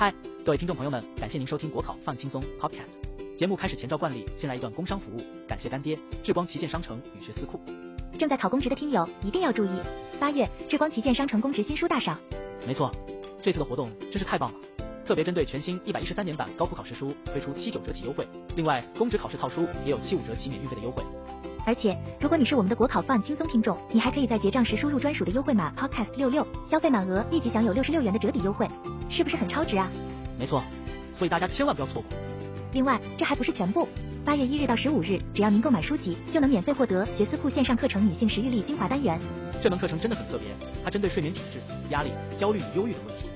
嗨，各位聽眾朋友們，感謝您收聽國考放輕鬆 podcast。節目開始前照慣例，先來一段工商服務，感謝乾爹智光旗艦商城與學思庫。正在考公職的聽友一定要注意，八月智光旗艦商城公職新書大賞。沒錯，這次的活動真是太棒了，特別針對全新一百一十三年版高普考試書推出七九折起優惠，另外公職考試套書也有七五折起免運費的優惠。而且如果你是我們的國考放輕鬆聽眾，你還可以在結賬時輸入專屬的優惠碼 podcast 六六，Popcast66, 消費滿額立即享有六十六元的折抵優惠。是不是很超值啊？沒錯，所以大家千萬不要錯過。另外，這還不是全部。八月一日到十五日，只要您購買書籍，就能免費獲得學思庫線上課程《女性食欲力精華單元》。這門課程真的很特別，它針對睡眠品質、壓力、焦慮與憂鬱的問題，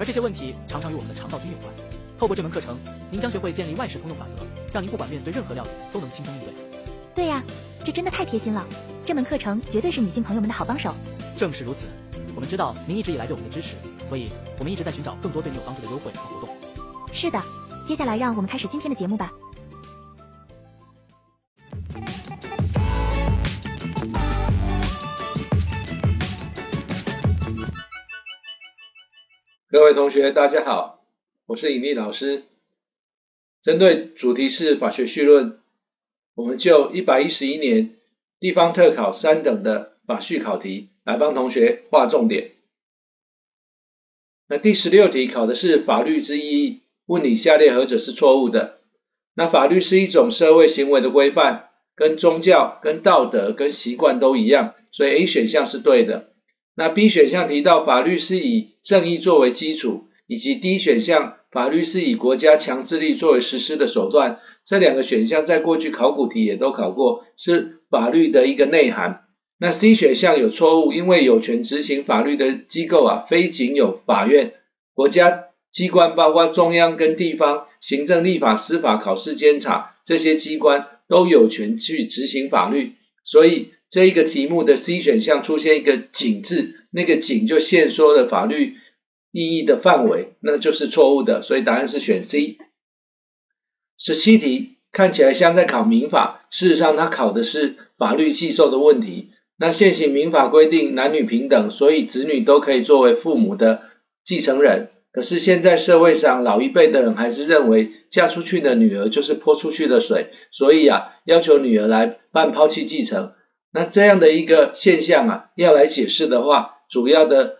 而這些問題常常與我們的腸道菌有關。透過這門課程，您將學會建立外食通用法則，讓您不管面對任何料理都能輕鬆應對。對呀、啊，這真的太貼心了。這門課程絕對是女性朋友們的好幫手。正是如此，我們知道您一直以來對我們的支持。所以，我們一直在尋找更多對你有幫助的優惠和活動。是的，接下來讓我們開始今天的節目吧。各位同學，大家好，我是尹力老師。針對主題是法學緒論，我們就一百一十一年地方特考三等的法緒考題來幫同學劃重點。那第十六題考的是法律之意義，問你下列何者是錯誤的？那法律是一種社會行為的規範，跟宗教、跟道德、跟習慣都一樣，所以 A 選項是對的。那 B 選項提到法律是以正義作為基礎，以及 D 選項法律是以國家強制力作為實施的手段，這兩個選項在過去考古題也都考過，是法律的一個內涵。那 C 選項有錯誤，因為有權執行法律的機構啊，非僅有法院、國家機關，包括中央跟地方、行政、立法、司法、考試、監察這些機關都有權去執行法律。所以這一個題目的 C 選項出現一個“僅”字，那個“僅”就限縮了法律意義的範圍，那就是錯誤的。所以答案是選 C。十七題看起來像在考民法，事實上它考的是法律繼受的問題。那現行民法規定男女平等，所以子女都可以作為父母的繼承人。可是現在社會上老一輩的人還是認為嫁出去的女兒就是潑出去的水，所以啊要求女兒來辦拋棄繼承。那這樣的一個現象啊，要來解釋的話，主要的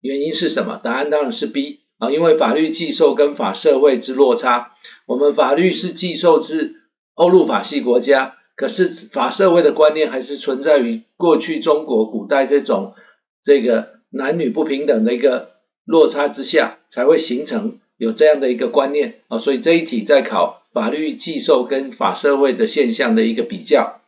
原因是什麼？答案當然是 B 啊，因為法律繼受跟法社會之落差。我們法律是繼受自歐陸法系國家。可是法社會的觀念還是存在於過去中國古代這種這個男女不平等的一個落差之下，才會形成有這樣的一個觀念啊。所以這一題在考法律繼受跟法社會的現象的一個比較。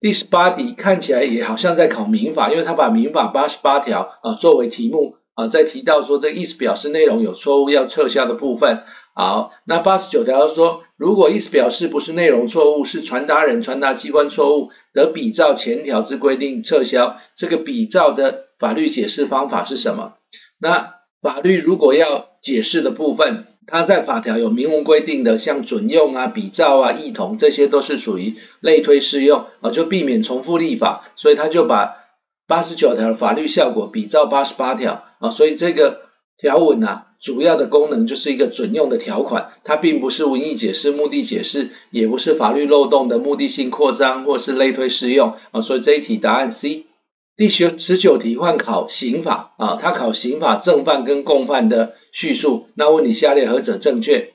第十八題看起來也好像在考民法，因為他把民法八十八條啊作為題目啊，在提到說這意思表示內容有錯誤要撤銷的部分。好，那八十九條說。如果意思表示不是內容錯誤，是傳達人傳達機關錯誤，得比照前條之規定撤銷。這個比照的法律解釋方法是什麼？那法律如果要解釋的部分，它在法條有明文規定的，像準用啊、比照啊、異同，這些都是屬於類推適用啊，就避免重複立法。所以他就把八十九條的法律效果比照八十八條啊，所以這個。條文啊，主要的功能就是一個準用的條款，它並不是文意解釋、目的解釋，也不是法律漏洞的目的性擴張或是類推適用啊、哦。所以這一題答案 C。第十十九題換考刑法啊，它考刑法正犯跟共犯的敘述，那問你下列何者正確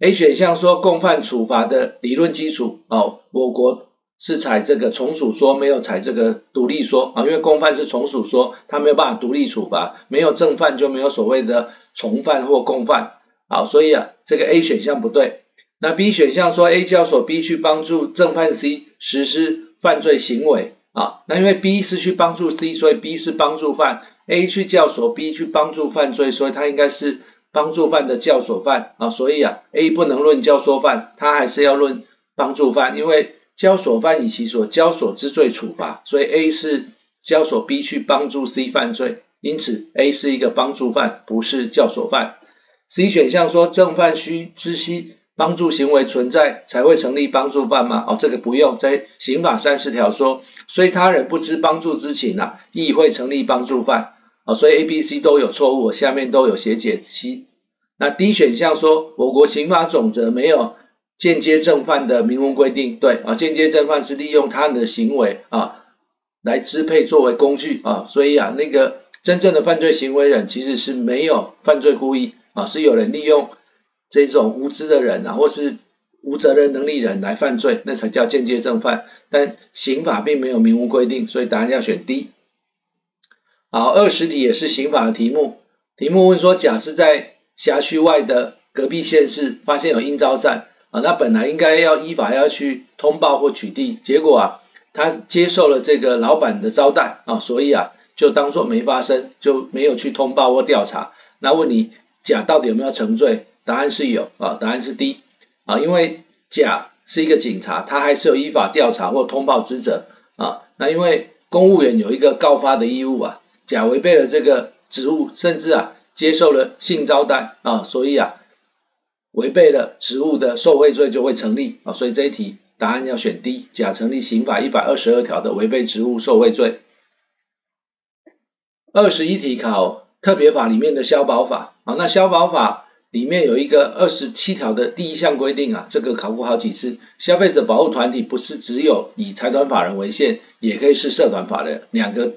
？A 選項說共犯處罰的理論基礎哦，我國。是採這個從屬說，沒有採這個獨立說啊，因為共犯是從屬說，他沒有辦法獨立處罰，沒有正犯就沒有所謂的從犯或共犯，啊，所以啊，這個 A 選項不對。那 B 選項說 A 教唆 B 去幫助正犯 C 實施犯罪行為啊，那因為 B 是去幫助 C，所以 B 是幫助犯，A 去教唆 B 去幫助犯罪，所以他應該是幫助犯的教唆犯啊，所以啊，A 不能論教唆犯，他還是要論幫助犯，因為。教唆犯以其所教唆之罪處罰，所以 A 是教唆 B 去幫助 C 犯罪，因此 A 是一個幫助犯，不是教唆犯。C 選項說正犯需知悉幫助行為存在才會成立幫助犯嗎？哦，這個不用，在刑法三十條說，雖他人不知幫助之情啊，亦會成立幫助犯啊，哦，所以 A、B、C 都有錯誤，我下面都有寫解析。那 D 選項說我國刑法總則沒有。間接正犯的明文規定，對啊，間接正犯是利用他人的行為啊來支配作為工具啊，所以啊，那個真正的犯罪行為人其實是沒有犯罪故意啊，是有人利用這種無知的人啊或是無責任能力人來犯罪，那才叫間接正犯。但刑法並沒有明文規定，所以答案要選 D。好，二十題也是刑法的題目，題目問說，甲是在轄區外的隔壁縣市發現有應召站。啊，那本來應該要依法要去通報或取締，結果啊，他接受了這個老闆的招待啊，所以啊，就當作沒發生，就沒有去通報或調查。那問你，甲到底有沒有成罪？答案是有啊，答案是 D 啊，因為甲是一個警察，他還是有依法調查或通報職責啊。那因為公務員有一個告發的義務啊，甲違背了這個職務，甚至啊，接受了性招待啊，所以啊。違背了職務的受賄罪就會成立啊，所以這一題答案要選 D，甲成立刑法一百二十二條的違背職務受賄罪。二十一題考特別法裡面的消保法啊，那消保法裡面有一個二十七條的第一項規定啊，這個考過好幾次，消費者保護團體不是只有以財團法人為限，也可以是社團法人，兩個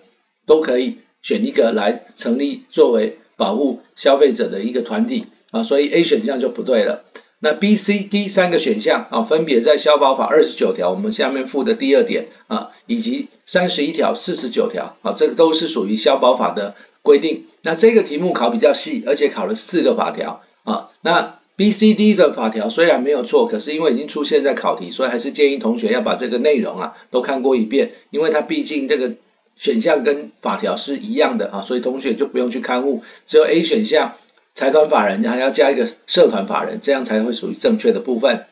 都可以選一個來成立作為保護消費者的一個團體。啊，所以 A 選項就不對了。那 B、C、D 三個選項啊，分別在《消保法》二十九條，我們下面附的第二點啊，以及三十一條、四十九條啊，這個都是屬於《消保法》的規定。那這個題目考比較細，而且考了四個法條啊。那 B、C、D 的法條雖然沒有錯，可是因為已經出現在考題，所以還是建議同學要把這個內容啊都看過一遍，因為它畢竟這個選項跟法條是一樣的啊，所以同學就不用去看誤，只有 A 選項。財團法人，你還要加一個社團法人，這樣才會屬於正確的部分。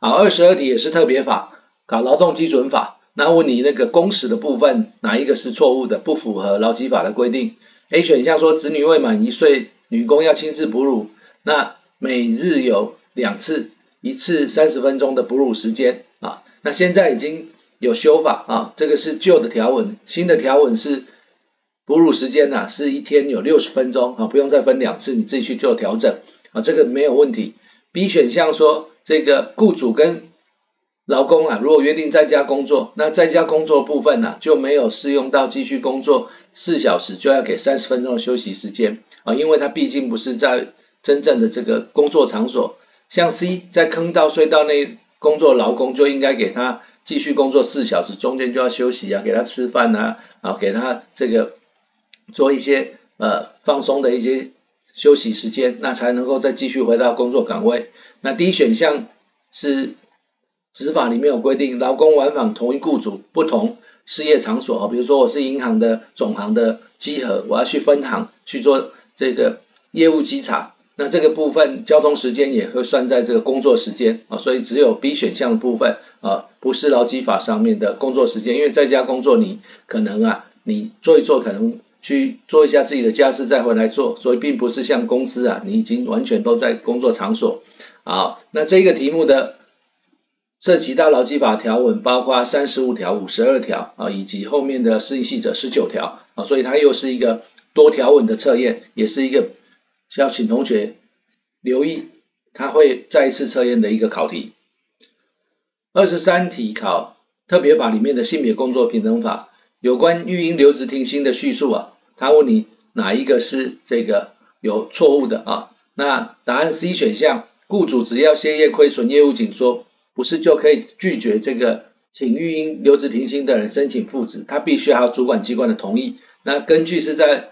好，二十二題也是特別法，考勞動基準法，那問你那個工時的部分哪一個是錯誤的，不符合勞基法的規定？A 選項說，子女未滿一歲，女工要親自哺乳，那每日有兩次，一次三十分鐘的哺乳時間啊。那現在已經有修法啊，這個是舊的條文，新的條文是，哺乳時間呢、啊，是一天有六十分鐘啊，不用再分兩次，你自己去做調整啊，這個沒有問題。B 選項說這個雇主跟勞工啊，如果約定在家工作，那在家工作部分呢、啊、就沒有適用到繼續工作四小時就要給三十分鐘的休息時間啊，因為他畢竟不是在真正的這個工作場所。像 C 在坑道隧道內工作勞工就應該給他繼續工作四小時，中間就要休息啊，給他吃飯吶、啊，啊給他這個。做一些呃放鬆的一些休息時間，那才能夠再繼續回到工作崗位。那 D 選項是執法裡面有規定，勞工往返同一雇主不同事業場所啊，比如說我是銀行的總行的稽核，我要去分行去做這個業務稽查，那這個部分交通時間也會算在這個工作時間啊，所以只有 B 選項的部分啊，不是勞基法上面的工作時間，因為在家工作你可能啊，你做一做可能。去做一下自己的家事再回來做，所以並不是像公司啊，你已經完全都在工作場所。好，那這個題目的涉及到勞基法條文，包括三十五條、五十二條啊，以及後面的施行細則十九條啊，所以它又是一個多條文的測驗，也是一個需要請同學留意，他會再一次測驗的一個考題。二十三題考特別法裡面的性別工作平等法，有關育嬰留職停薪的敘述啊，他問你哪一個是這個有錯誤的啊？那答案 C 選項，雇主只要歇業、虧損、業務緊縮，不是就可以拒絕這個請育嬰留職停薪的人申請復職？他必須還有主管機關的同意。那根據是在《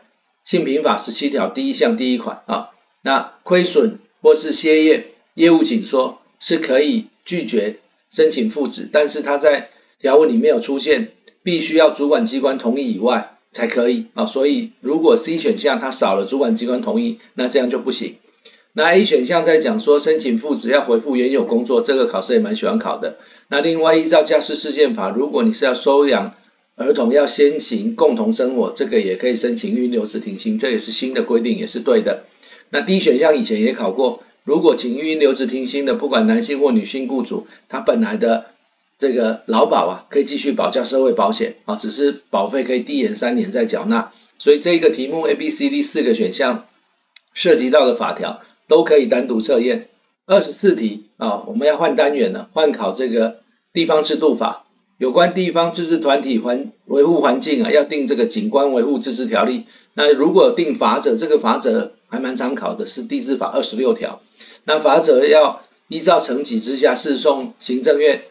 性平法》十七條第一項第一款啊，那虧損或是歇業、業務緊縮是可以拒絕申請復職，但是他在條文裡沒有出現。必須要主管機關同意以外才可以啊、哦,所以如果 C 選項它少了主管機關同意，那這樣就不行。那 A 選項在講說申請復職要回復原有工作，這個考試也蠻喜歡考的。那另外依照《家事事件法》，如果你是要收養兒童，要先行共同生活，這個也可以申請育嬰留職停薪，這也是新的規定，也是對的。那 D 選項以前也考過，如果請育嬰留職停薪的，不管男性或女性雇主，他本來的。這個勞保啊，可以繼續保交社會保險啊，只是保費可以遞延三年再繳納。所以這個題目 A、B、C、D 四個選項涉及到的法條都可以單獨測驗。二十四題啊，我們要換單元了，換考這個地方制度法，有關地方自治團體環維護環境啊，要定這個景觀維護自治條例。那如果定法者，這個法者還蠻常考的是地制法二十六條。那法者要依照層級之下，是送行政院，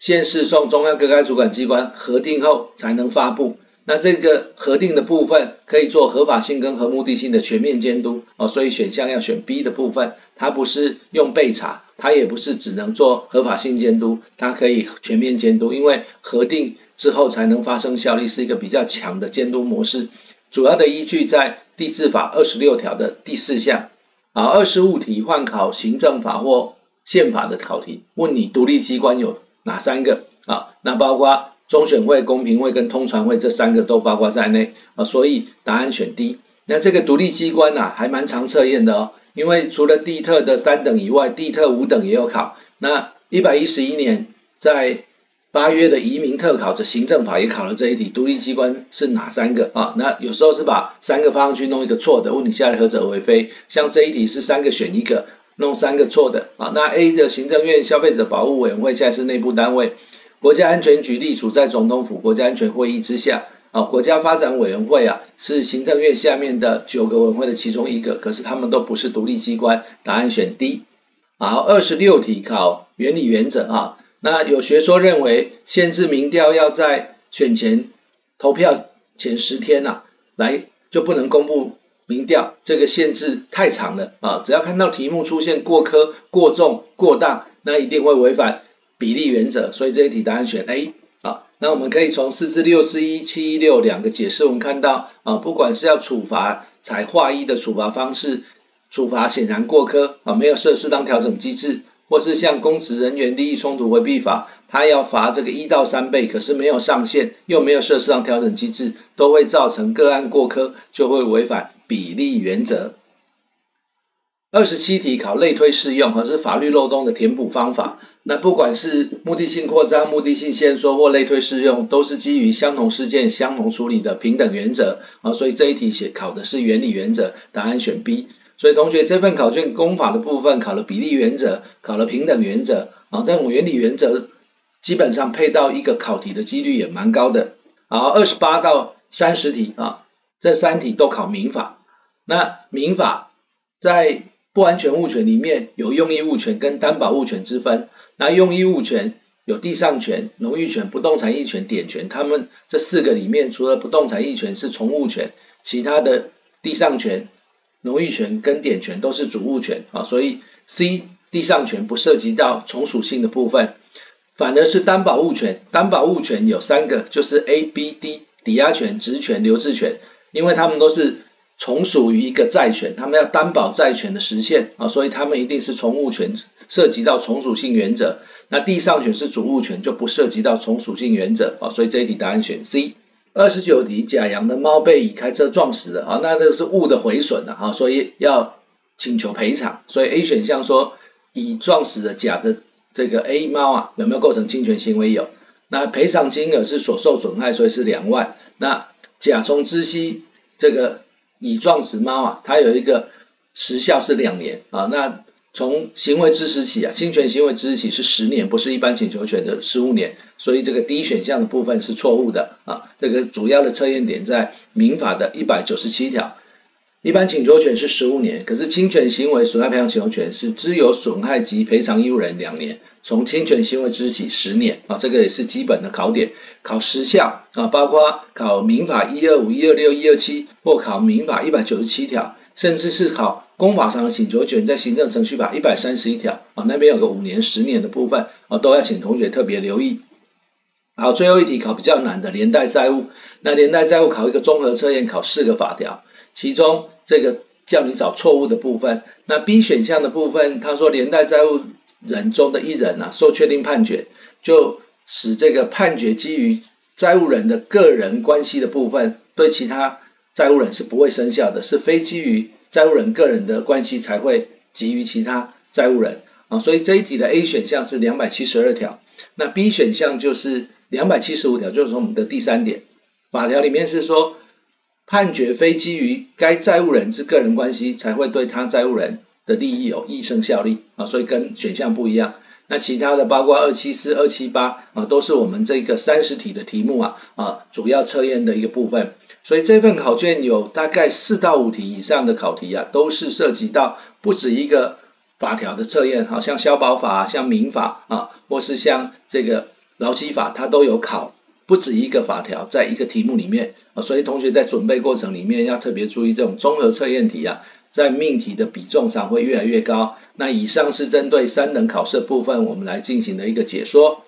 先送中央各該主管機關核定後才能發布，那這個核定的部分可以做合法性跟合目的性的全面監督哦，所以選項要選 B 的部分，它不是用備查，它也不是只能做合法性監督，它可以全面監督，因為核定之後才能發生效力，是一個比較強的監督模式。主要的依據在《地制法》二十六條的第四項。啊，二十五題換考行政法或憲法的考題，問你獨立機關有，哪三個啊？那包括中選會、公平會跟通傳會這三個都包括在內啊，所以答案選 D。那這個獨立機關啊，還蠻常測驗的哦，因為除了地特的三等以外，地特五等也有考。那一百一十一年在八月的移民特考的行政法也考了這一題，獨立機關是哪三個啊？那有時候是把三個放上去弄一個錯的，問你下列何者為非？像這一題是三個選一個。弄三個錯的啊，那 A 的行政院消費者保護委員會現在是內部單位，國家安全局隸屬在總統府國家安全會議之下啊，國家發展委員會啊是行政院下面的九個委員會的其中一個，可是他們都不是獨立機關，答案選 D。好，二十六題考原理原則啊，那有學說認為限制民調要在選前投票前十天吶，啊，來就不能公布。民調這個限制太長了啊，只要看到題目出現過苛、過重、過大，那一定會違反比例原則，所以這一題答案選 A 啊。那我們可以從釋字六四一、七一六兩個解釋，我們看到啊，不管是要處罰採劃一的處罰方式，處罰顯然過苛啊，沒有設適當調整機制。或是向公職人員利益衝突回避法，他要罰這個一到三倍，可是沒有上限，又沒有設適當調整機制，都會造成個案過苛，就會違反比例原則。二十七題考類推適用，或是法律漏洞的填補方法。那不管是目的性擴張、目的性限縮或類推適用，都是基於相同事件、相同處理的平等原則啊。所以這一題寫考的是原理原則，答案選 B。所以同學，這份考卷公法的部分考了比例原則，考了平等原則，啊，這種原理原則基本上配到一個考題的幾率也蠻高的。啊，二十八到三十題啊，這三題都考民法。那民法在不完全物權裡面有用益物權跟擔保物權之分。那用益物權有地上權、農育權、不動產役權、典權，他們這四個裡面，除了不動產役權是從物權，其他的地上權。農育權跟典權都是主物權啊，所以 C 地上權不涉及到從屬性的部分，反而是擔保物權。擔保物權有三個，就是 ABD 抵押權、質權、留置權，因為他們都是從屬於一個債權，他們要擔保債權的實現啊，所以他們一定是從物權，涉及到從屬性原則。那地上權是主物權，就不涉及到從屬性原則啊，所以這一題答案選 C。二十九題，甲養的貓被乙開車撞死了啊，那這個是物的毀損了啊，所以要請求賠償。所以 A 選項說，乙撞死的甲的這個 A 貓啊，有沒有構成侵權行為？有。那賠償金額是所受損害，所以是兩萬。那甲從知悉這個乙撞死貓啊，它有一個時效是兩年啊，那。從行為之時起啊，侵權行為之時起是十年，不是一般請求權的十五年，所以這個第一選項的部分是錯誤的啊。這個主要的測驗點在民法的一百九十七條，一般請求權是十五年，可是侵權行為損害賠償請求權是只有損害及賠償義務人兩年，從侵權行為之日起十年啊，這個也是基本的考點，考時效啊，包括考民法一二五、一二六、一二七，或考民法一百九十七條。甚至是考公法上的請求權，在行政程序法一百三十一條啊，那邊有個五年、十年的部分啊，都要請同學特別留意。好，最後一題考比較難的連帶債務，那連帶債務考一個綜合測驗，考四個法條，其中這個叫你找錯誤的部分。那 B 選項的部分，他說連帶債務人中的一人啊，受確定判決，就使這個判決基於債務人的個人關係的部分，對其他。債務人是不會生效的，是非基於債務人個人的關係才會給予其他債務人啊，所以這一題的 A 選項是兩百七十二條，那 B 選項就是兩百七十五條，就是說我們的第三點法條裡面是說，判決非基於該債務人之個人關係才會對他債務人的利益有益生效力啊，所以跟選項不一樣。那其他的包括二七四、二七八啊，都是我們這個三十題的題目啊啊，主要測驗的一個部分。所以這份考卷有大概四到五題以上的考題啊，都是涉及到不止一個法條的測驗，好像消保法啊、像民法啊，或是像這個勞基法，它都有考不止一個法條在一個題目裡面啊。所以同學在準備過程裡面要特別注意這種綜合測驗題啊，在命題的比重上會越來越高。那以上是針對三等考試部分，我們來進行的一個解說。